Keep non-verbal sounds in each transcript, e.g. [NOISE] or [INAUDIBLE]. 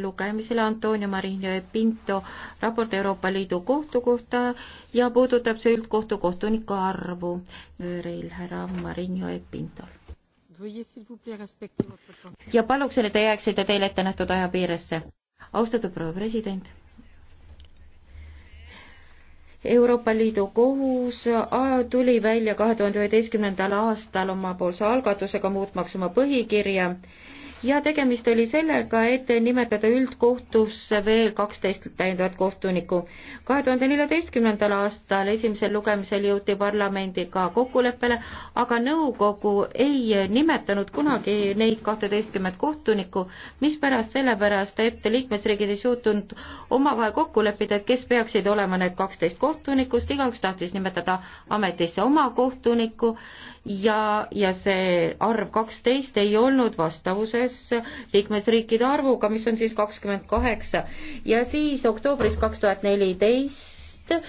lugemisele Antonio Marinho Pinto raport Euroopa Liidu kohtu kohta ja puudutab see üldkohtu kohtuniku arvu. Reil härra Marinho Pinto. ja paluksin, et te jääksite teile ette nähtud aja piiresse. austatud proua president. Euroopa Liidu kohus tuli välja kahe tuhande üheteistkümnendal aastal omapoolse algatusega muutmaks oma põhikirja ja tegemist oli sellega, et nimetada üldkohtusse veel kaksteist täiendavat kohtunikku. kahe tuhande neljateistkümnendal aastal esimesel lugemisel jõuti parlamendiga kokkuleppele, aga nõukogu ei nimetanud kunagi neid kahteteistkümmet kohtunikku, mispärast, sellepärast et liikmesriigid ei suutnud omavahel kokku leppida, et kes peaksid olema need kaksteist kohtunikust, igaüks tahtis nimetada ametisse oma kohtuniku ja, ja see arv kaksteist ei olnud vastavuses liikmesriikide arvuga, mis on siis kakskümmend kaheksa. ja siis oktoobris kaks tuhat neliteist äh,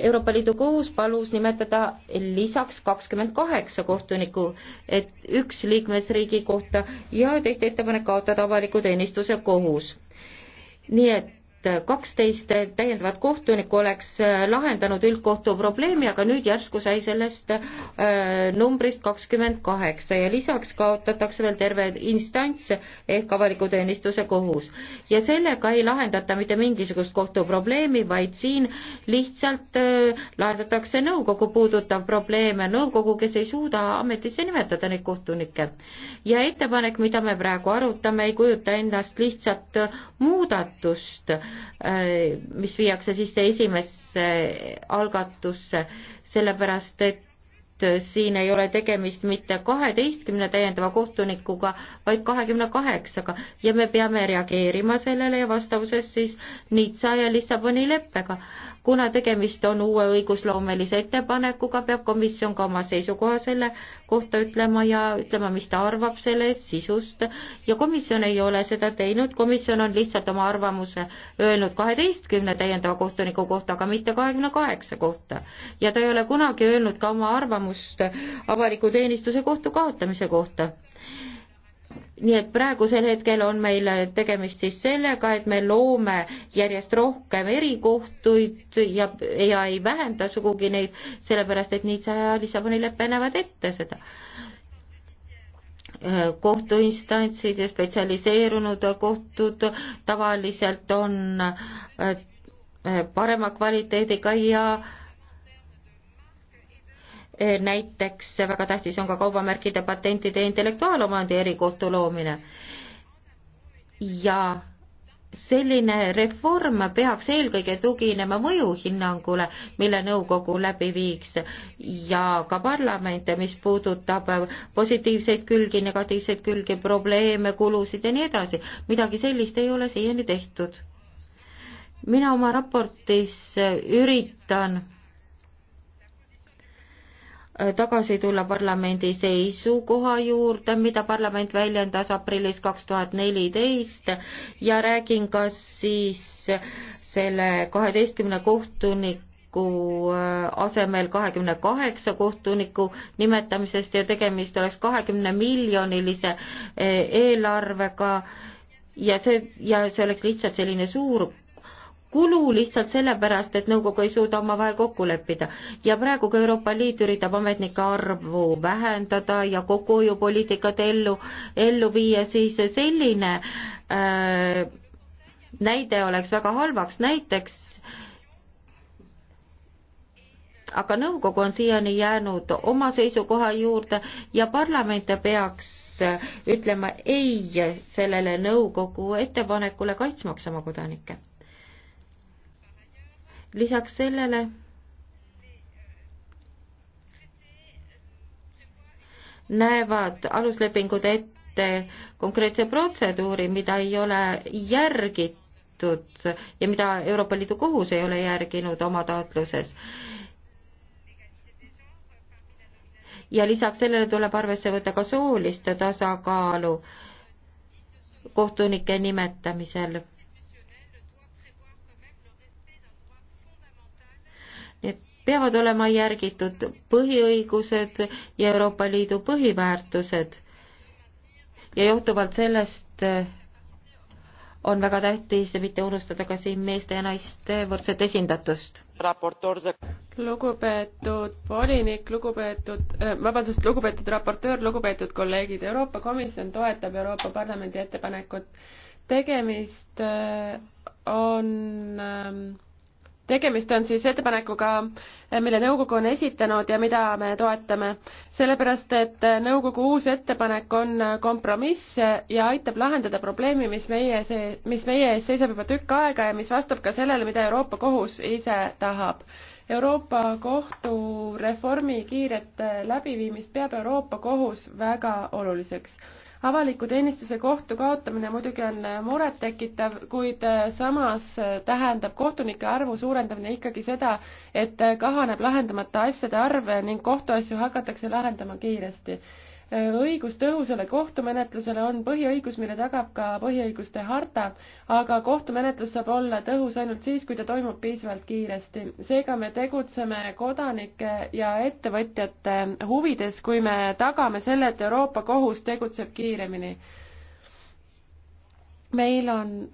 Euroopa Liidu kohus palus nimetada lisaks kakskümmend kaheksa kohtunikku, et üks liikmesriigi kohta ja tehti ettepanek kaotada avaliku teenistuse kohus. nii et et kaksteist täiendavat kohtunikku oleks äh, lahendanud üldkohtu probleemi, aga nüüd järsku sai sellest äh, numbrist kakskümmend kaheksa ja lisaks kaotatakse veel terve instants ehk avaliku teenistuse kohus. ja sellega ei lahendata mitte mingisugust kohtuprobleemi, vaid siin lihtsalt äh, lahendatakse nõukogu puudutav probleem ja nõukogu, kes ei suuda ametisse nimetada neid kohtunikke. ja ettepanek, mida me praegu arutame, ei kujuta endast lihtsalt äh, muudatust, mis viiakse sisse esimesse algatusse, sellepärast et siin ei ole tegemist mitte kaheteistkümne täiendava kohtunikuga, vaid kahekümne kaheksaga ja me peame reageerima sellele ja vastavuses siis Nizza ja Lissaboni leppega kuna tegemist on uue õigusloomelise ettepanekuga, peab komisjon ka oma seisukoha selle kohta ütlema ja ütlema, mis ta arvab selle sisust ja komisjon ei ole seda teinud, komisjon on lihtsalt oma arvamuse öelnud kaheteistkümne täiendava kohtuniku kohta, aga mitte kahekümne kaheksa kohta. ja ta ei ole kunagi öelnud ka oma arvamust avaliku teenistuse kohtu kaotamise kohta nii et praegusel hetkel on meil tegemist siis sellega, et me loome järjest rohkem erikohtuid ja, ja ei vähenda sugugi neid, sellepärast et Nitsa ja Lissaboni lepe näevad ette seda. Äh, kohtuinstantsid ja spetsialiseerunud kohtud tavaliselt on äh, äh, parema kvaliteediga ja äh, näiteks väga tähtis on ka kaubamärkide, patentide ja intellektuaalomandi erikohtu loomine. ja selline reform peaks eelkõige tuginema mõjuhinnangule, mille nõukogu läbi viiks ja ka parlament, mis puudutab positiivseid külgi, negatiivseid külgi, probleeme, kulusid ja nii edasi. midagi sellist ei ole siiani tehtud. mina oma raportis üritan Äh, tagasi tulla parlamendi seisukoha juurde, mida parlament väljendas aprillis kaks tuhat neliteist ja räägin ka siis selle kaheteistkümne kohtuniku äh, asemel kahekümne kaheksa kohtuniku nimetamisest ja tegemist oleks kahekümne miljonilise äh, eelarvega ja see, ja see oleks lihtsalt selline suur kulu lihtsalt sellepärast, et nõukogu ei suuda omavahel kokku leppida. ja praegu ka Euroopa Liit üritab ametnike arvu vähendada ja kokkuhoiupoliitikat ellu, ellu viia, siis selline äh, näide oleks väga halvaks näiteks aga nõukogu on siiani jäänud oma seisukoha juurde ja parlament peaks ütlema ei sellele nõukogu ettepanekule kaitsmaks oma kodanikke lisaks sellele näevad aluslepingud ette konkreetse protseduuri, mida ei ole järgitud ja mida Euroopa Liidu kohus ei ole järginud oma taotluses. ja lisaks sellele tuleb arvesse võtta ka soolist tasakaalu kohtunike nimetamisel et peavad olema järgitud põhiõigused ja Euroopa Liidu põhiväärtused. ja johtuvalt sellest eh, on väga tähtis mitte unustada ka siin meeste ja naiste võrdset esindatust. lugupeetud volinik, lugupeetud, eh, vabandust, lugupeetud raportöör, lugupeetud kolleegid, Euroopa Komisjon toetab Euroopa Parlamendi ettepanekut. tegemist eh, on ehm, tegemist on siis ettepanekuga, mille nõukogu on esitanud ja mida me toetame, sellepärast et nõukogu uus ettepanek on kompromiss ja aitab lahendada probleemi, mis meie see, mis meie ees seisab juba tükk aega ja mis vastab ka sellele, mida Euroopa Kohus ise tahab. Euroopa Kohtu reformi kiiret läbiviimist peab Euroopa Kohus väga oluliseks avaliku teenistuse kohtu kaotamine muidugi on murettekitav, kuid äh, samas äh, tähendab kohtunike arvu suurendamine ikkagi seda, et äh, kahaneb lahendamata asjade arv ning kohtuasju hakatakse lahendama kiiresti õigus tõhusale kohtumenetlusele on põhiõigus, mille tagab ka põhiõiguste harta, aga kohtumenetlus saab olla tõhus ainult siis, kui ta toimub piisavalt kiiresti. seega me tegutseme kodanike ja ettevõtjate huvides, kui me tagame selle, et Euroopa Kohus tegutseb kiiremini. meil on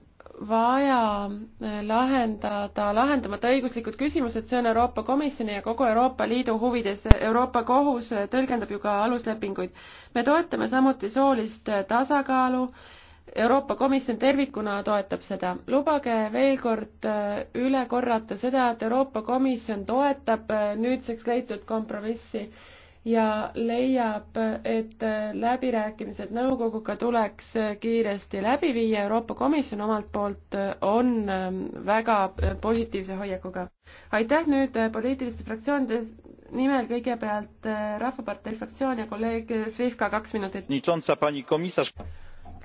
vaja äh, lahendada lahendamata õiguslikud küsimused, see on Euroopa Komisjoni ja kogu Euroopa Liidu huvides. Euroopa Kohus äh, tõlgendab ju ka aluslepinguid. me toetame samuti soolist äh, tasakaalu. Euroopa Komisjon tervikuna toetab seda. lubage veel kord üle korrata seda, et Euroopa Komisjon toetab nüüdseks leitud kompromissi ja leiab, et läbirääkimised nõukoguga tuleks kiiresti läbi viia, Euroopa Komisjon omalt poolt on ähm, väga positiivse hoiakuga. aitäh nüüd poliitiliste fraktsioonide nimel kõigepealt äh, Rahvapartei fraktsioon ja kolleeg Svifka, kaks minutit.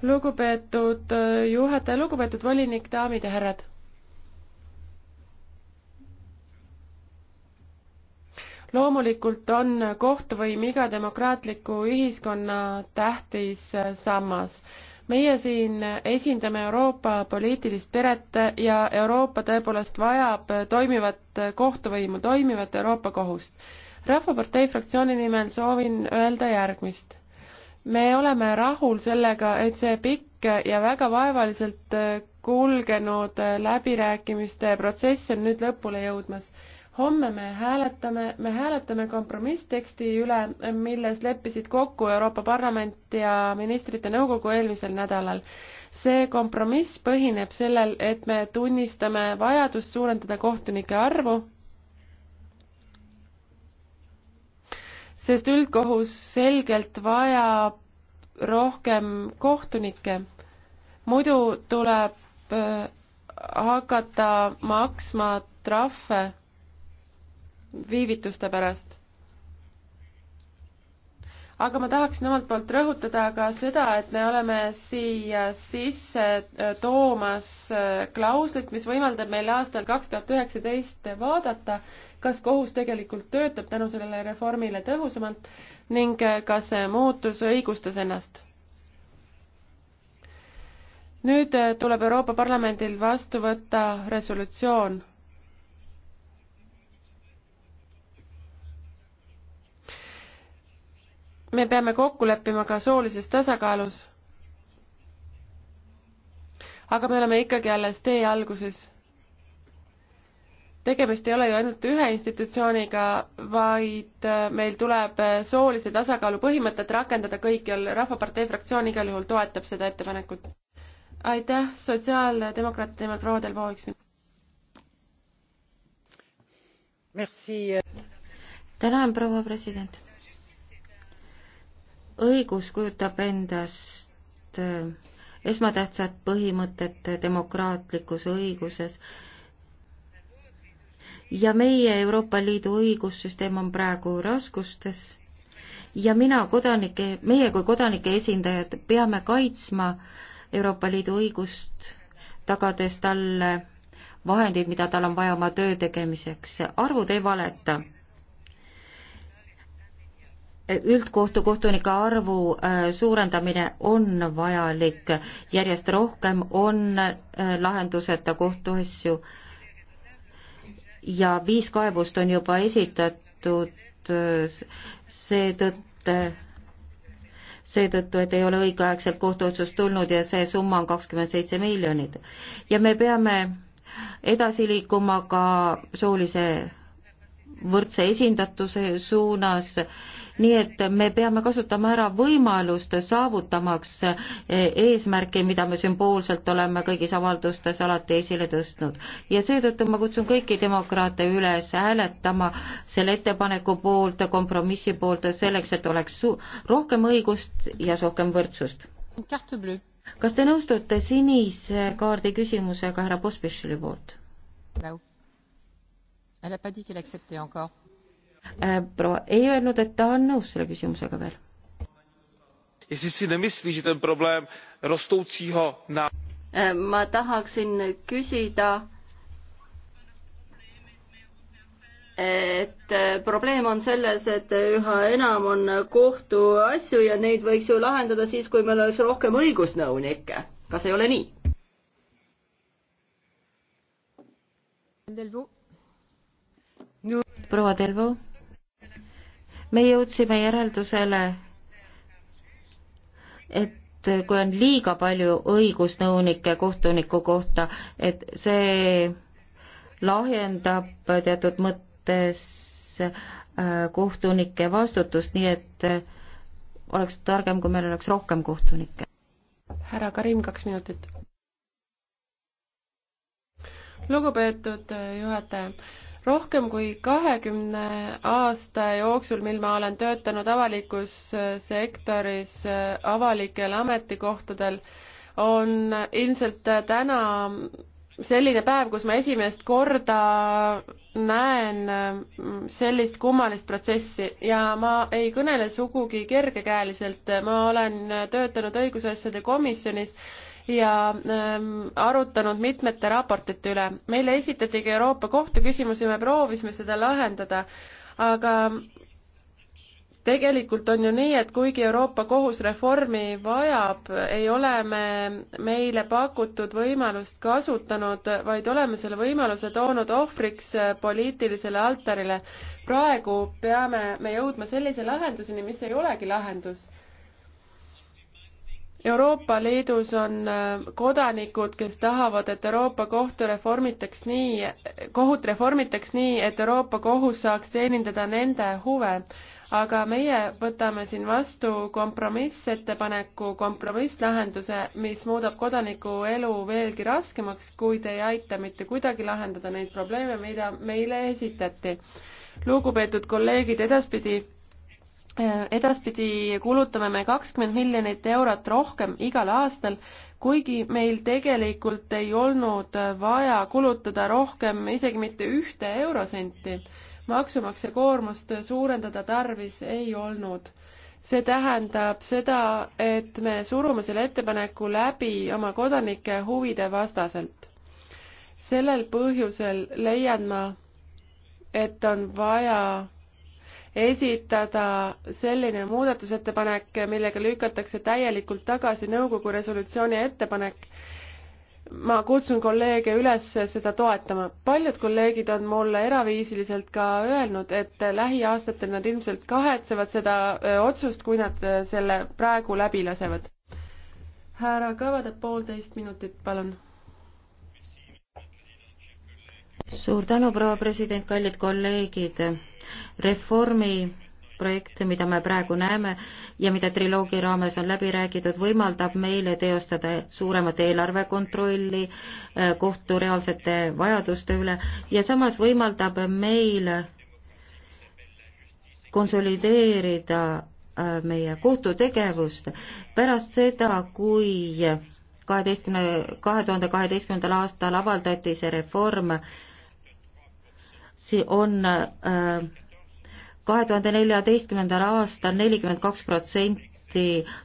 lugupeetud äh, juhataja, lugupeetud volinik, daamid ja härrad loomulikult on kohtuvõim iga demokraatliku ühiskonna tähtis sammas. meie siin esindame Euroopa poliitilist peret ja Euroopa tõepoolest vajab toimivat kohtuvõimu, toimivat Euroopa kohust. rahvapartei fraktsiooni nimel soovin öelda järgmist. me oleme rahul sellega, et see pikk ja väga vaevaliselt kulgenud läbirääkimiste protsess on nüüd lõpule jõudmas homme me hääletame, me hääletame kompromissteksti üle, milles leppisid kokku Euroopa Parlament ja ministrite nõukogu eelmisel nädalal. see kompromiss põhineb sellel, et me tunnistame vajadust suurendada kohtunike arvu, sest üldkohus selgelt vajab rohkem kohtunikke. muidu tuleb äh, hakata maksma trahve viivituste pärast. aga ma tahaksin omalt poolt rõhutada ka seda, et me oleme siia sisse äh, toomas äh, klauslit, mis võimaldab meil aastal kaks tuhat üheksateist vaadata, kas kohus tegelikult töötab tänu sellele reformile tõhusamalt ning äh, kas see muutus õigustas ennast nüüd tuleb Euroopa Parlamendil vastu võtta resolutsioon me peame kokku leppima ka soolises tasakaalus. aga me oleme ikkagi alles tee alguses. tegemist ei ole ju ainult ühe institutsiooniga, vaid äh, meil tuleb äh, soolise tasakaalu põhimõtet rakendada kõikjal. rahvapartei fraktsioon igal juhul toetab seda ettepanekut. aitäh, sotsiaaldemokraatide nimel proua Delvo, üks minut. Äh. tänan, proua president õigus kujutab endast äh, esmatähtsat põhimõtet demokraatlikus õiguses ja meie Euroopa Liidu õigussüsteem on praegu raskustes ja mina kodanike, meie kui kodanike esindajad peame kaitsma Euroopa Liidu õigust, tagades talle vahendeid, mida tal on vaja oma töö tegemiseks. arvud ei valeta üldkohtu kohtunike arvu äh, suurendamine on vajalik, järjest rohkem on äh, lahenduseta kohtuasju ja viis kaebust on juba esitatud äh, seetõttu, seetõttu, et ei ole õigeaegselt kohtuotsust tulnud ja see summa on kakskümmend seitse miljonit. ja me peame edasi liikuma ka soolise võrdse esindatuse suunas nii et me peame kasutama ära võimalust saavutamaks eesmärke, mida me sümboolselt oleme kõigis avaldustes alati esile tõstnud. ja seetõttu ma kutsun kõiki demokraate üles hääletama selle ettepaneku poolt, kompromissi poolt, selleks, et oleks rohkem õigust ja rohkem võrdsust. kas te nõustute sinise kaardi küsimusega härra Pospišili poolt no.? Elle n'a pas dit qu'elle acceptait encore. Äh, proua ei öelnud, et ta on nõus selle küsimusega veel. Äh, ma tahaksin küsida, et äh, probleem on selles, et üha enam on kohtuasju ja neid võiks ju lahendada siis, kui meil oleks rohkem õigusnõunikke. kas ei ole nii? proua Delvo me jõudsime järeldusele, et kui on liiga palju õigusnõunike kohtuniku kohta, et see lahjendab teatud mõttes äh, kohtunike vastutust, nii et äh, oleks targem, kui meil oleks rohkem kohtunikke. härra Karim, kaks minutit. lugupeetud äh, juhataja rohkem kui kahekümne aasta jooksul, mil ma olen töötanud avalikus äh, sektoris äh, avalikel ametikohtadel, on ilmselt äh, täna selline päev, kus ma esimest korda näen sellist kummalist protsessi ja ma ei kõnele sugugi kergekäeliselt, ma olen töötanud õigusasjade komisjonis ja ähm, arutanud mitmete raportite üle. meile esitatigi Euroopa Kohtu küsimusi, me proovisime seda lahendada, aga tegelikult on ju nii, et kuigi Euroopa Kohus reformi vajab, ei ole me meile pakutud võimalust kasutanud, vaid oleme selle võimaluse toonud ohvriks äh, poliitilisele altarile. praegu peame me jõudma sellise lahenduseni, mis ei olegi lahendus Euroopa Liidus on äh, kodanikud, kes tahavad, et Euroopa kohtu reformitaks nii, kohut reformitaks nii, et Euroopa kohus saaks teenindada nende huve. aga meie võtame siin vastu kompromissettepaneku, kompromisslahenduse, mis muudab kodaniku elu veelgi raskemaks, kuid ei aita mitte kuidagi lahendada neid probleeme, mida meile esitati. lugupeetud kolleegid, edaspidi edaspidi kulutame me kakskümmend miljonit eurot rohkem igal aastal, kuigi meil tegelikult ei olnud vaja kulutada rohkem isegi mitte ühte eurosenti. maksumaksja koormust suurendada tarvis ei olnud. see tähendab seda, et me surume selle ettepaneku läbi oma kodanike huvide vastaselt. sellel põhjusel leian ma, et on vaja esitada selline muudatusettepanek, millega lükatakse täielikult tagasi nõukogu resolutsiooni ettepanek. ma kutsun kolleege üles seda toetama. paljud kolleegid on mulle eraviisiliselt ka öelnud, et lähiaastatel nad ilmselt kahetsevad seda äh, otsust, kui nad äh, selle praegu läbi lasevad. härra Kavada, poolteist minutit, palun suur tänu, proua president, kallid kolleegid! reformi projekt, mida me praegu näeme ja mida triloogi raames on läbi räägitud, võimaldab meile teostada suuremat eelarvekontrolli eh, kohtu reaalsete vajaduste üle ja samas võimaldab meil konsolideerida eh, meie kohtutegevust pärast seda, kui kaheteistkümne, kahe tuhande kaheteistkümnendal aastal avaldati see reform see on äh, kahe tuhande neljateistkümnendal aastal nelikümmend kaks protsenti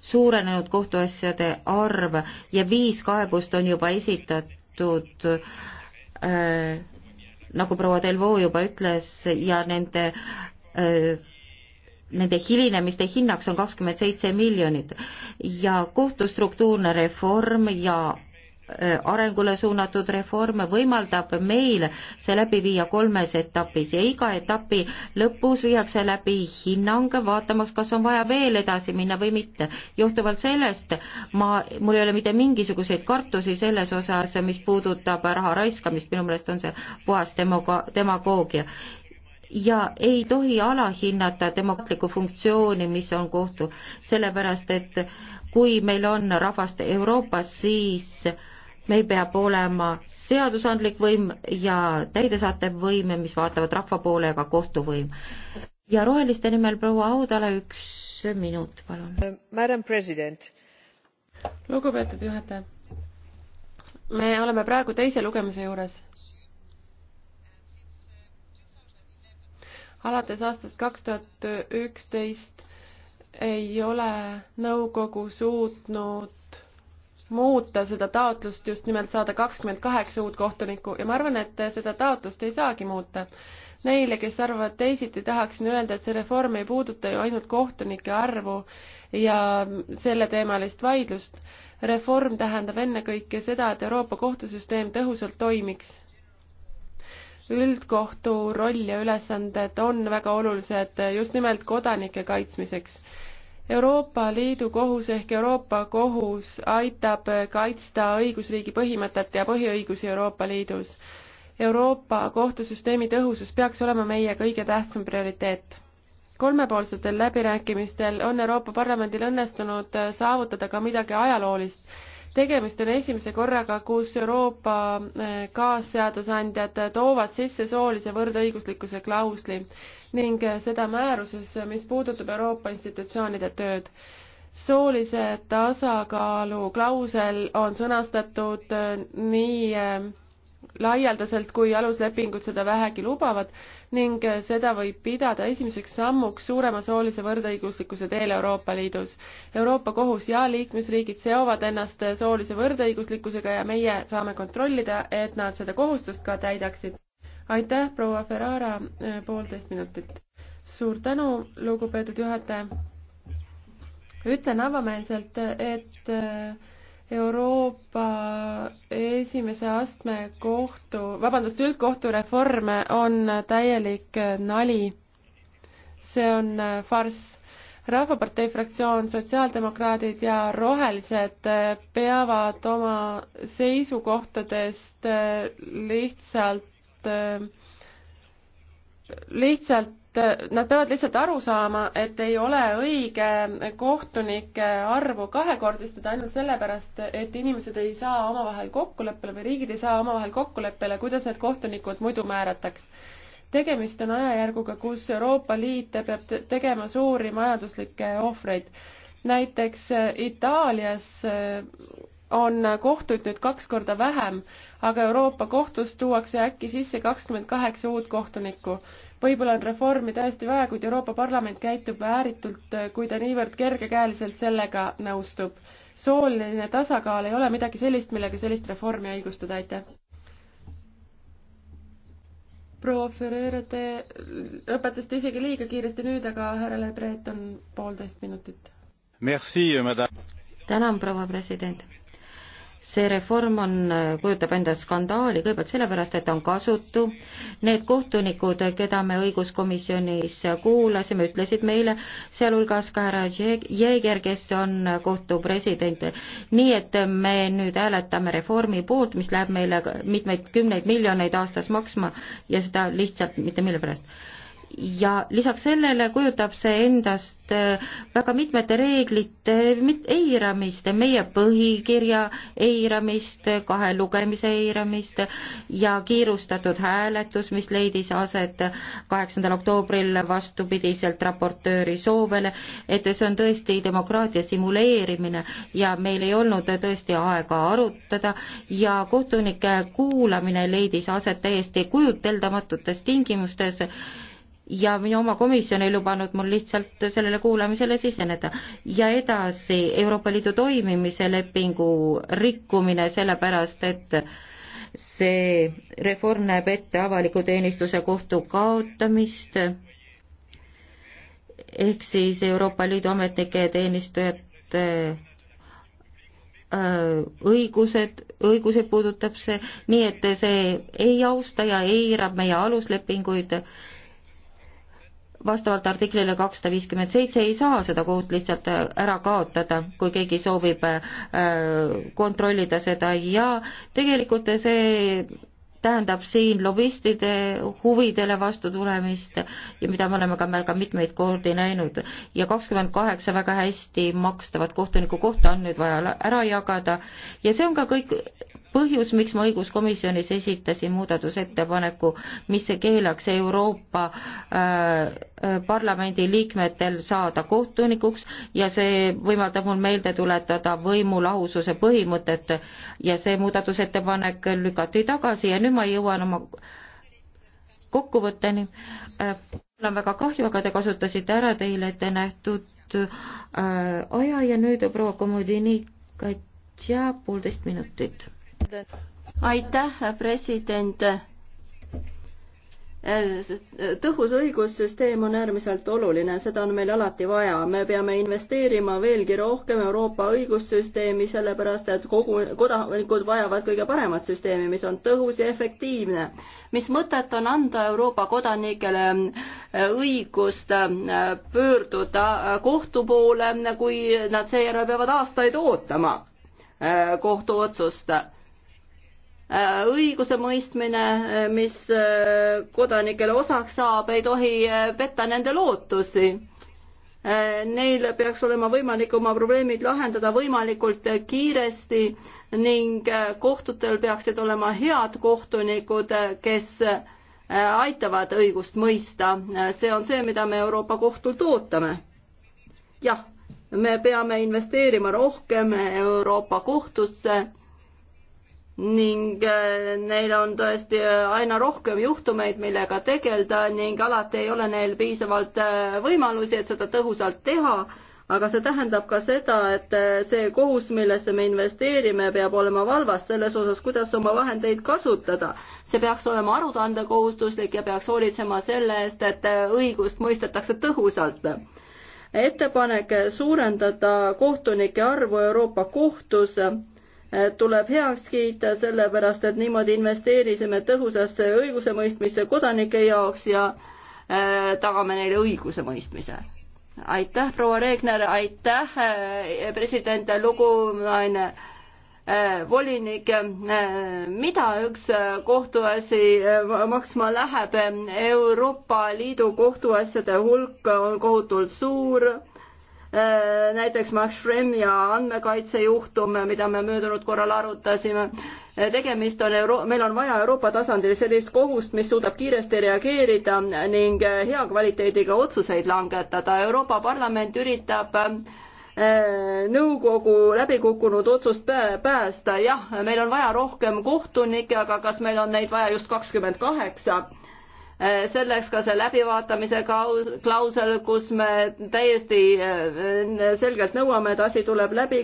suurenenud kohtuasjade arv ja viis kaebust on juba esitatud äh, nagu proua Delvaux juba ütles ja nende äh, nende hilinemiste hinnaks on kakskümmend seitse miljonit ja kohtustruktuurne reform ja arengule suunatud reform võimaldab meil see läbi viia kolmes etapis ja iga etapi lõpus viiakse läbi hinnang, vaatamaks, kas on vaja veel edasi minna või mitte. johtuvalt sellest ma, mul ei ole mitte mingisuguseid kartusi selles osas, mis puudutab raha raiskamist, minu meelest on see puhas demoga-, demagoogia ja ei tohi alahinnata demokraatlikku funktsiooni, mis on kohtul, sellepärast et kui meil on rahvast Euroopas, siis meil peab olema seadusandlik võim ja täidesaatev võim, mis vaatavad rahva poole ja ka kohtuvõim. ja roheliste nimel proua Audale üks minut, palun. Uh, Madam President. lugupeetud juhataja, me oleme praegu teise lugemise juures alates aastast kaks tuhat üksteist ei ole nõukogu suutnud muuta seda taotlust just nimelt saada kakskümmend kaheksa uut kohtunikku ja ma arvan, et seda taotlust ei saagi muuta. Neile, kes arvavad teisiti, tahaksin öelda, et see reform ei puuduta ju ainult kohtunike arvu ja selleteemalist vaidlust. reform tähendab ennekõike seda, et Euroopa kohtusüsteem tõhusalt toimiks üldkohtu roll ja ülesanded on väga olulised just nimelt kodanike kaitsmiseks. Euroopa Liidu kohus ehk Euroopa kohus aitab kaitsta õigusriigi põhimõtet ja põhiõigusi Euroopa Liidus. Euroopa kohtusüsteemi tõhusus peaks olema meie kõige tähtsam prioriteet kolmepoolsetel läbirääkimistel on Euroopa Parlamendil õnnestunud saavutada ka midagi ajaloolist tegemist on esimese korraga, kus Euroopa eh, kaasseadusandjad toovad sisse soolise võrdõiguslikkuse klausli ning eh, seda määruses, mis puudutab Euroopa institutsioonide tööd soolise tasakaalu klausel on sõnastatud eh, nii laialdaselt, kui aluslepingud seda vähegi lubavad ning seda võib pidada esimeseks sammuks suurema soolise võrdõiguslikkuse teel Euroopa Liidus. Euroopa Kohus ja liikmesriigid seovad ennast soolise võrdõiguslikkusega ja meie saame kontrollida, et nad seda kohustust ka täidaksid. aitäh, proua Ferrara, poolteist minutit. suur tänu, lugupeetud juhataja. ütlen avameelselt, et Euroopa esimese astme kohtu, vabandust, üldkohtureform on täielik nali. see on farss Rahvapartei fraktsioon, sotsiaaldemokraadid ja rohelised peavad oma seisukohtadest lihtsalt, lihtsalt Äh, nad peavad lihtsalt aru saama, et ei ole õige kohtunike arvu kahekordistada ainult sellepärast, et inimesed ei saa omavahel kokkuleppele või riigid ei saa omavahel kokkuleppele, kuidas need kohtunikud muidu määrataks. tegemist on ajajärguga, kus Euroopa Liit peab tegema suuri majanduslikke ohvreid. näiteks äh, Itaalias äh, on kohtuid nüüd kaks korda vähem, aga Euroopa kohtus tuuakse äkki sisse kakskümmend kaheksa uut kohtunikku. võib-olla on reformi tõesti vaja, kuid Euroopa Parlament käitub ääritult, kui ta niivõrd kergekäeliselt sellega nõustub. sooline tasakaal ei ole midagi sellist, millega sellist reformi õigustada, aitäh. proua Ferreira, te lõpetasite isegi liiga kiiresti nüüd, aga härra Lebret on poolteist minutit. tänan, proua president see reform on, kujutab enda skandaali kõigepealt sellepärast, et ta on kasutu. Need kohtunikud, keda me õiguskomisjonis kuulasime, ütlesid meile, sealhulgas ka härra Jeeger, kes on kohtu president, nii et me nüüd hääletame reformi poolt, mis läheb meile mitmeid kümneid miljoneid aastas maksma ja seda lihtsalt mitte mille pärast ja lisaks sellele kujutab see endast äh, väga mitmete reeglite eiramist, meie põhikirja eiramist, kahe lugemise eiramist ja kiirustatud hääletus, mis leidis aset kaheksandal oktoobril vastupidiselt raportööri soovele, et see on tõesti demokraatia simuleerimine ja meil ei olnud tõesti aega arutada ja kohtunike kuulamine leidis aset täiesti kujuteldamatutes tingimustes ja minu oma komisjon ei lubanud mul lihtsalt sellele kuulamisele siseneda. ja edasi Euroopa Liidu toimimise lepingu rikkumine, sellepärast et see reform näeb ette avaliku teenistuse kohtu kaotamist, ehk siis Euroopa Liidu ametnike ja teenistujate äh, õigused, õigusi puudutab see, nii et see ei austa ja eirab meie aluslepinguid vastavalt artiklile kakssada viiskümmend seitse ei saa seda kohut lihtsalt äh, ära kaotada, kui keegi soovib äh, kontrollida seda ja tegelikult see tähendab siin lobistide huvidele vastu tulemist ja mida me oleme ka väga mitmeid kordi näinud ja kakskümmend kaheksa väga hästi makstavat kohtuniku kohta on nüüd vaja ära jagada ja see on ka kõik põhjus, miks ma õiguskomisjonis esitasin muudatusettepaneku, mis keelaks Euroopa äh, äh, Parlamendi liikmetel saada kohtunikuks ja see võimaldab mul meelde tuletada võimu lahususe põhimõtet ja see muudatusettepanek lükati tagasi ja nüüd ma jõuan oma kokkuvõtteni. Äh, mul on väga kahju, aga te kasutasite ära teile ette nähtud äh, aja ja nüüd proua Komodini Katja poolteist minutit aitäh, president tõhus õigussüsteem on äärmiselt oluline, seda on meil alati vaja. me peame investeerima veelgi rohkem Euroopa õigussüsteemi, sellepärast et kogu, kodanikud vajavad kõige paremat süsteemi, mis on tõhus ja efektiivne. mis mõtet on anda Euroopa kodanikele äh, õigust äh, pöörduda äh, kohtu poole, kui nad seejärel peavad aastaid ootama kohtuotsust Äh, õigusemõistmine, äh, mis äh, kodanikele osaks saab, ei tohi petta nende lootusi. Neil peaks olema võimalik oma probleemid lahendada võimalikult kiiresti ning kohtutel peaksid olema head kohtunikud, kes aitavad õigust mõista. see on see, mida me Euroopa Kohtult ootame. jah, me peame investeerima rohkem Euroopa Kohtusse ning äh, neil on tõesti äh, aina rohkem juhtumeid, millega tegeleda ning alati ei ole neil piisavalt äh, võimalusi, et seda tõhusalt teha, aga see tähendab ka seda, et see kohus, millesse me investeerime, peab olema valvas selles osas, kuidas oma vahendeid kasutada. see peaks olema aruandekohustuslik ja peaks hoolitsema selle eest, et õigust mõistetakse tõhusalt ettepanek suurendada kohtunike arvu Euroopa kohtus tuleb heaks kiita, sellepärast et niimoodi investeerisime tõhusasse õigusemõistmisse kodanike jaoks ja äh, tagame neile õigusemõistmise. aitäh, proua Reegner, aitäh, äh, president, lugunaine äh, volinik, mida üks kohtuasi maksma läheb, Euroopa Liidu kohtuasjade hulk on kohutult suur Äh, näiteks Max Schremm ja andmekaitsejuhtum, mida me möödunud korral arutasime. Äh, tegemist on Euro-, meil on vaja Euroopa tasandil sellist kohust, mis suudab kiiresti reageerida ning äh, hea kvaliteediga otsuseid langetada. Euroopa Parlament üritab nõukogu läbikukkunud otsust päästa, jah, meil on vaja rohkem kohtunikke, aga kas meil on neid vaja just kakskümmend kaheksa? selleks ka see läbivaatamise klausel, kus me täiesti äh, selgelt nõuame, et asi tuleb läbi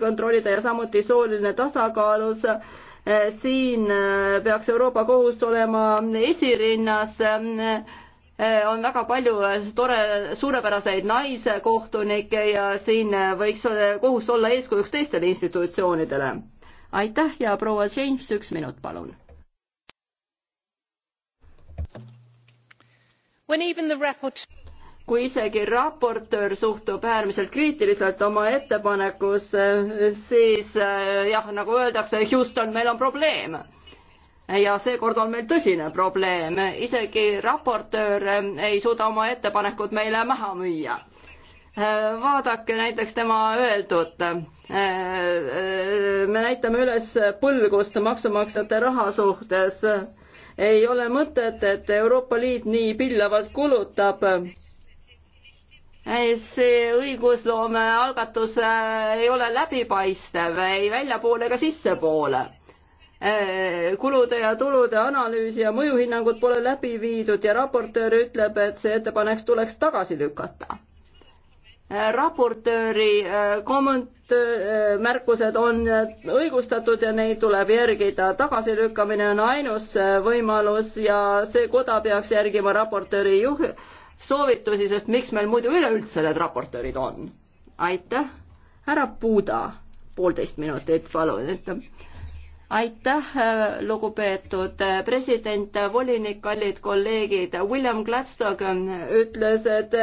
kontrollida ja samuti sooline tasakaalus. Äh, siin äh, peaks Euroopa Kohus olema esirinnas on väga palju tore, suurepäraseid naiskohtunikke ja siin võiks kohus olla eeskujuks teistele institutsioonidele. aitäh ja proua James, üks minut, palun. kui isegi raportöör suhtub äärmiselt kriitiliselt oma ettepanekusse, siis äh, jah, nagu öeldakse, Houston, meil on probleem. ja seekord on meil tõsine probleem, isegi raportöör äh, ei suuda oma ettepanekut meile maha müüa äh, vaadake näiteks tema öeldut. me näitame üles põlgust maksumaksjate raha suhtes ei ole mõtet, et Euroopa Liit nii pillavalt kulutab. see õigusloome algatus äh, ei ole läbipaistev ei väljapoole ega sissepoole äh, kulude ja tulude analüüsi ja mõjuhinnangut pole läbi viidud ja raportöör ütleb, et see ettepanek tuleks tagasi lükata raportööri äh, komment-, äh, märkused on õigustatud ja neid tuleb järgida. tagasilükkamine on ainus äh, võimalus ja see koda peaks järgima raportööri juh-, soovitusi, sest miks meil muidu üleüldse need raportöörid on? aitäh, härra Puuda, poolteist minutit, palun, et aitäh, lugupeetud president, volinik, kallid kolleegid. William Gladstone ütles, et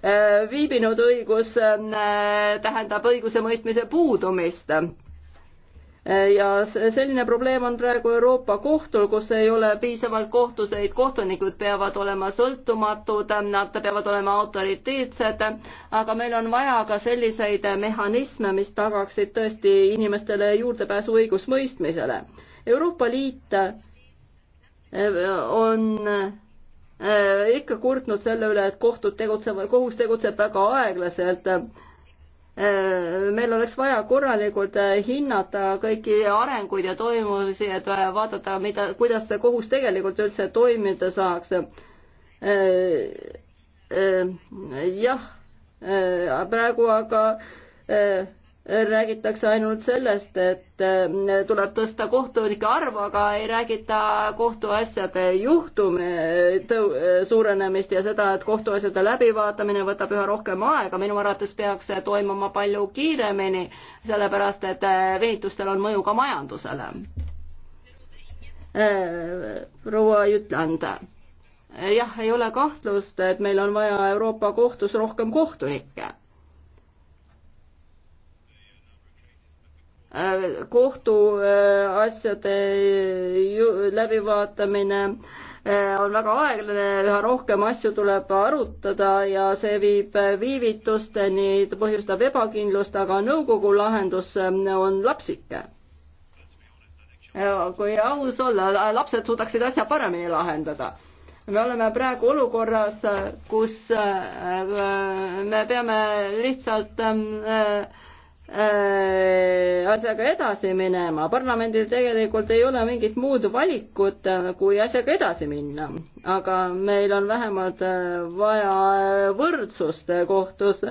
Äh, viibinud õigus äh, tähendab õigusemõistmise puudumist äh, ja selline probleem on praegu Euroopa kohtul, kus ei ole piisavalt kohtuseid, kohtunikud peavad olema sõltumatud, nad peavad olema autoriteetsed, aga meil on vaja ka selliseid mehhanisme, mis tagaksid tõesti inimestele juurdepääsu õigusmõistmisele. Euroopa Liit on Äh, ikka kurtnud selle üle, et kohtud tegutsevad, kohus tegutseb väga aeglaselt. Äh, meil oleks vaja korralikult äh, hinnata kõiki arenguid ja toimusi, et vaadata, mida, kuidas see kohus tegelikult üldse toimida saaks. jah, praegu aga räägitakse ainult sellest, et eh, tuleb tõsta kohtunike arvu, aga ei räägita kohtuasjade juhtumi eh, tõu-, eh, suurenemist ja seda, et kohtuasjade läbivaatamine võtab üha rohkem aega, minu arvates peaks see toimuma palju kiiremini, sellepärast et venitustel on mõju ka majandusele. proua Jütland, jah, ei ole kahtlust, et meil on vaja Euroopa kohtus rohkem kohtunikke Äh, kohtuasjade äh, läbivaatamine äh, on väga aeglane, üha rohkem asju tuleb arutada ja see viib viivitusteni, ta põhjustab ebakindlust, aga nõukogu lahendus on lapsike. kui aus olla, lapsed suudaksid asja paremini lahendada me oleme praegu olukorras, kus me peame lihtsalt ähm, äh, Äh, asjaga edasi minema. parlamendil tegelikult ei ole mingit muud valikut, äh, kui asjaga edasi minna. aga meil on vähemalt äh, vaja võrdsust kohtus.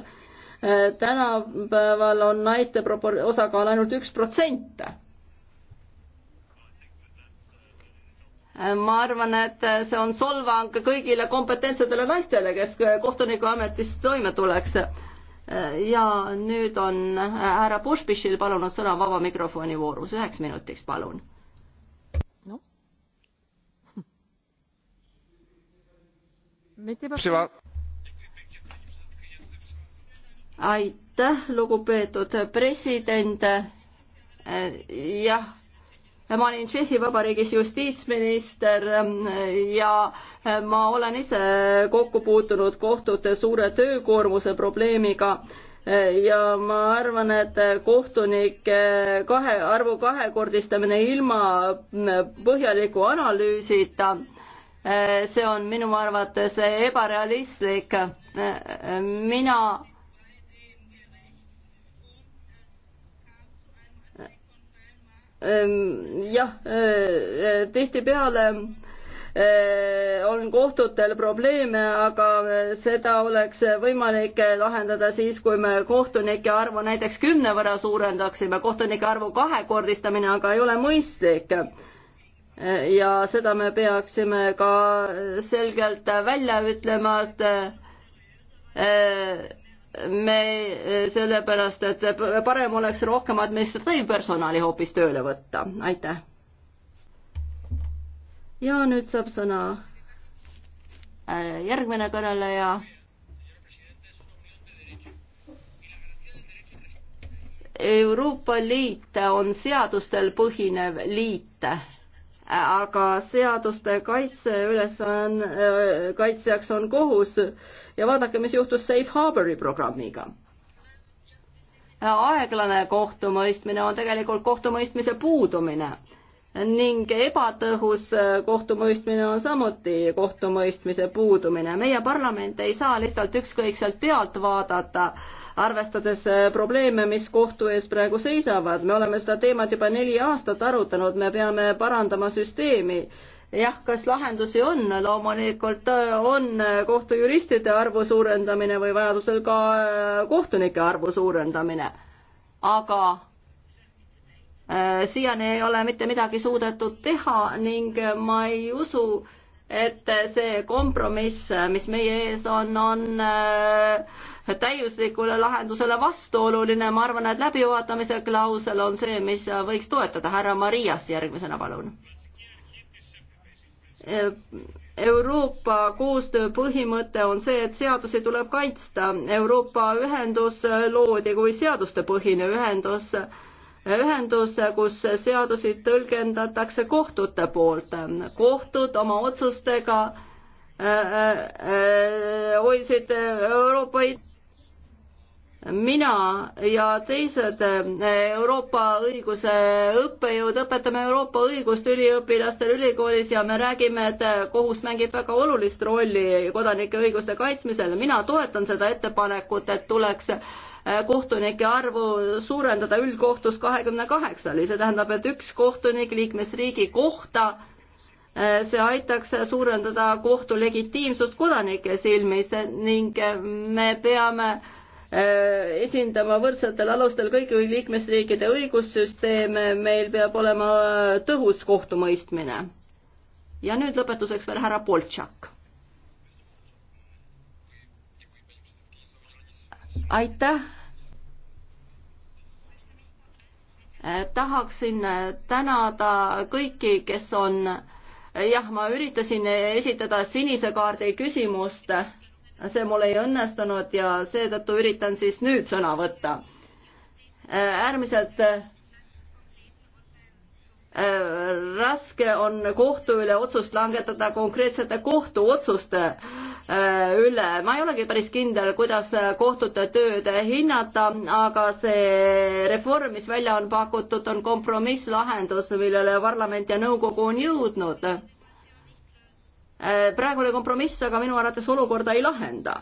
tänapäeval on naiste propor-, osakaal ainult üks protsent ma arvan, et see on solvang kõigile kompetentsetele naistele, kes kohtunikuametist toime tuleks ja nüüd on äh, härra Pushpishil palunud sõna vaba mikrofoni voorus, üheks minutiks, palun. noh. [LAUGHS] aitäh, lugupeetud president. Äh, jah ma olin Tšehhi Vabariigis justiitsminister ähm, ja äh, ma olen ise kokku puutunud kohtute suure töökoormuse probleemiga äh, ja ma arvan, et kohtunike kahe, arvu kahekordistamine ilma äh, põhjaliku analüüsita, see on minu arvates ebarealistlik. mina Ehm, jah, eh, tihtipeale eh, on kohtutel probleeme, aga eh, seda oleks võimalik lahendada siis, kui me kohtunike arvu näiteks kümne võrra suurendaksime, kohtunike arvu kahekordistamine aga ei ole mõistlik. ja seda me peaksime ka selgelt välja ütlema, et me, sellepärast et parem oleks rohkem administratiivpersonali hoopis tööle võtta, aitäh. ja nüüd saab sõna äh, järgmine kõneleja. Euroopa Liit on seadustel põhinev liit aga seaduste kaitse ülesanne, kaitsjaks on kohus ja vaadake, mis juhtus Safe Harbori programmiga. aeglane kohtumõistmine on tegelikult kohtumõistmise puudumine ning ebatõhus kohtumõistmine on samuti kohtumõistmise puudumine. meie parlament ei saa lihtsalt ükskõikselt pealt vaadata, arvestades probleeme, mis kohtu ees praegu seisavad. me oleme seda teemat juba neli aastat arutanud, me peame parandama süsteemi jah, kas lahendusi on, loomulikult äh, on äh, kohtujuristide arvu suurendamine või vajadusel ka äh, kohtunike arvu suurendamine. aga siiani ei ole mitte midagi suudetud teha ning ma ei usu, et see kompromiss, mis meie ees on, on täiuslikule lahendusele vastuoluline, ma arvan, et läbivaatamise klausel on see, mis võiks toetada. härra Marias järgmisena, palun Euroopa koostöö põhimõte on see, et seadusi tuleb kaitsta. Euroopa ühendus loodi kui seadustepõhine ühendus, ühendus, kus seadusi tõlgendatakse kohtute poolt. kohtud oma otsustega äh, äh, äh, hoidsid Euroopa Liidu mina ja teised eh, Euroopa õiguse õppejõud õpetame Euroopa õigust üliõpilastele ülikoolis ja me räägime, et eh, kohus mängib väga olulist rolli kodanike õiguste kaitsmisel. mina toetan seda ettepanekut, et tuleks eh, kohtunike arvu suurendada üldkohtus kahekümne kaheksani, see tähendab, et üks kohtunik liikmesriigi kohta see aitaks suurendada kohtu legitiimsust kodanike silmis ning me peame äh, Äh, esindama võrdsetel alustel kõigi liikmesriikide õigussüsteeme, meil peab olema äh, tõhus kohtumõistmine. ja nüüd lõpetuseks veel härra Boltšak. aitäh. Äh, tahaksin tänada kõiki, kes on, jah, ma üritasin esitada sinise kaardi küsimust see mul ei õnnestunud ja seetõttu üritan siis nüüd sõna võtta. Äh, äärmiselt äh, raske on kohtu üle otsust langetada konkreetsete kohtuotsuste äh, üle. ma ei olegi päris kindel, kuidas kohtute tööd hinnata, aga see reform, mis välja on pakutud, on kompromisslahendus, millele parlament ja nõukogu on jõudnud Äh, praegune kompromiss aga minu arvates olukorda ei lahenda.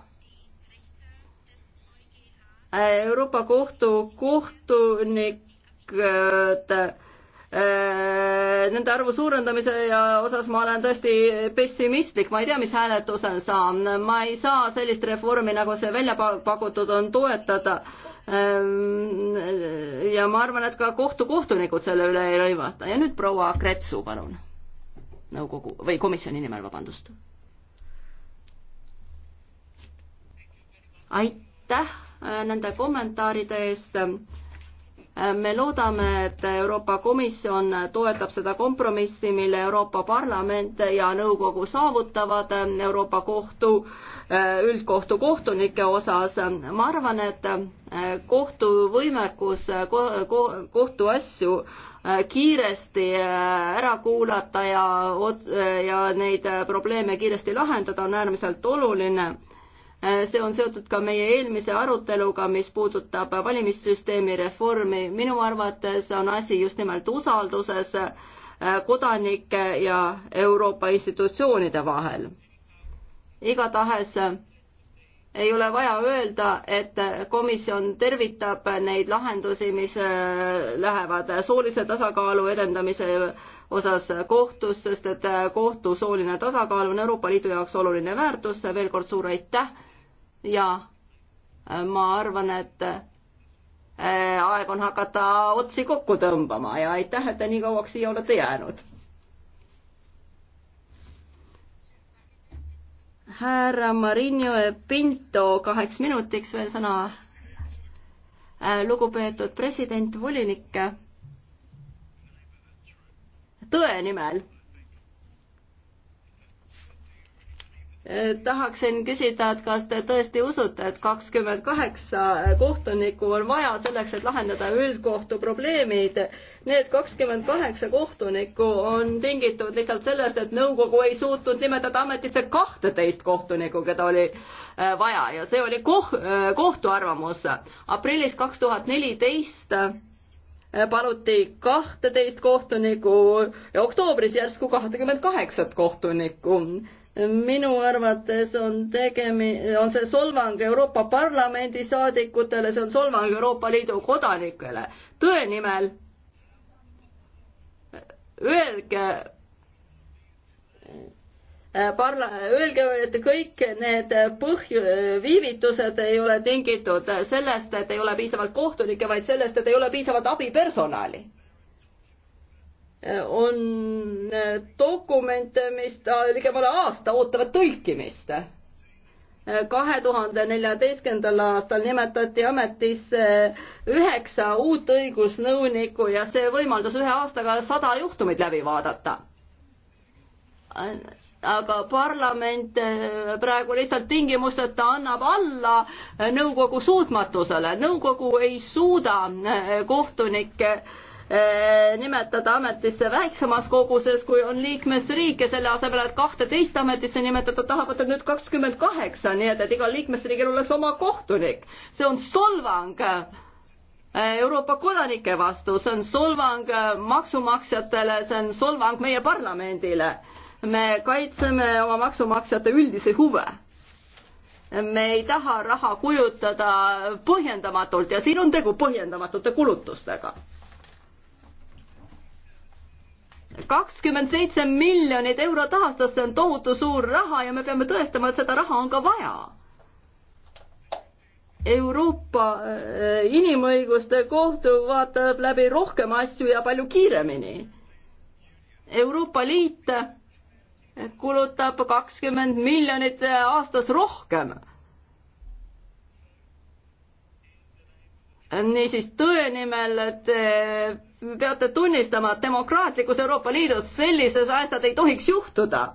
Äh, Euroopa Kohtu kohtunikud, äh, nende arvu suurendamise ja osas ma olen tõesti pessimistlik, ma ei tea, mis hääletusel saan, ma ei saa sellist reformi, nagu see välja pakutud on, toetada. Ähm, ja ma arvan, et ka kohtu kohtunikud selle üle ei rõivata ja nüüd proua Kretsu, palun nõukogu või komisjoni nimel, vabandust. aitäh äh, nende kommentaaride eest. Äh, me loodame, et Euroopa Komisjon toetab seda kompromissi, mille Euroopa Parlament ja nõukogu saavutavad äh, Euroopa Kohtu, üldkohtu kohtunike osas. ma arvan, et kohtuvõimekus ko, ko, kohtuasju Äh, kiiresti äh, ära kuulata ja, äh, ja neid probleeme kiiresti lahendada, on äärmiselt oluline. see on seotud ka meie eelmise aruteluga, mis puudutab valimissüsteemi reformi. minu arvates on asi just nimelt usalduses kodanike ja Euroopa institutsioonide vahel. igatahes ei ole vaja öelda, et komisjon tervitab neid lahendusi, mis äh, lähevad soolise tasakaalu edendamise osas kohtus, sest et äh, kohtu sooline tasakaal on Euroopa Liidu jaoks oluline väärtus, veel kord suur aitäh ja äh, ma arvan, et aeg on hakata otsi kokku tõmbama ja aitäh, et te nii kauaks siia olete jäänud härra Marinho Pinto kaheks minutiks veel sõna. Äh, lugupeetud president, volinik. tõe nimel Äh, tahaksin küsida, et kas te tõesti usute, et kakskümmend kaheksa äh, kohtunikku on vaja selleks, et lahendada üldkohtu probleemid. Need kakskümmend kaheksa kohtunikku on tingitud lihtsalt sellest, et nõukogu ei suutnud nimetada ametisse kahteteist kohtunikku, keda oli äh, vaja ja see oli koh-, kohtu arvamus. aprillis kaks tuhat neliteist paluti kahteteist kohtunikku ja oktoobris järsku kahtekümmet kaheksat kohtunikku minu arvates on tegemi-, on see solvang Euroopa Parlamendi saadikutele, see on solvang Euroopa Liidu kodanikele. tõe nimel öelge äh, parla-, öelge, et kõik need põhju-, viivitused ei ole tingitud sellest, et ei ole piisavalt kohtunikke, vaid sellest, et ei ole piisavalt abipersonali on dokumente, mis ligemale aasta ootavad tõlkimist. kahe tuhande neljateistkümnendal aastal nimetati ametisse üheksa uut õigusnõunikku ja see võimaldas ühe aastaga sada juhtumit läbi vaadata aga parlament eh, praegu lihtsalt tingimusteta annab alla nõukogu suutmatusele. nõukogu ei suuda eh, kohtunikke Eh, nimetada ametisse väiksemas koguses, kui on liikmesriike, selle asemel, et kahteteist ametisse nimetada, tahavad nad nüüd kakskümmend kaheksa, nii et, et igal liikmesriigil oleks oma kohtunik. see on solvang eh, Euroopa kodanike vastu, see on solvang eh, maksumaksjatele, see on solvang meie parlamendile. me kaitseme oma maksumaksjate üldisi huve me ei taha raha kujutada põhjendamatult ja siin on tegu põhjendamatute kulutustega kakskümmend seitse miljonit eurot aastas, see on tohutu suur raha ja me peame tõestama, et seda raha on ka vaja. Euroopa äh, Inimõiguste Kohtu vaatab läbi rohkem asju ja palju kiiremini. Euroopa Liit kulutab kakskümmend miljonit äh, aastas rohkem niisiis tõe nimel te peate tunnistama, et demokraatlikus Euroopa Liidus sellised asjad ei tohiks juhtuda